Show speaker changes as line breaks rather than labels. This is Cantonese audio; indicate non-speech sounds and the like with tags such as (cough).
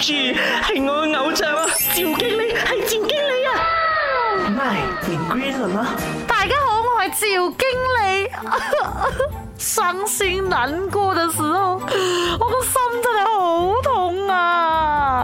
住，係我嘅偶像啊！趙經理，係趙經理啊！唔係變 green 了？大家好，我係趙經理。傷 (laughs) 心難過嘅時候，我個心真係好痛。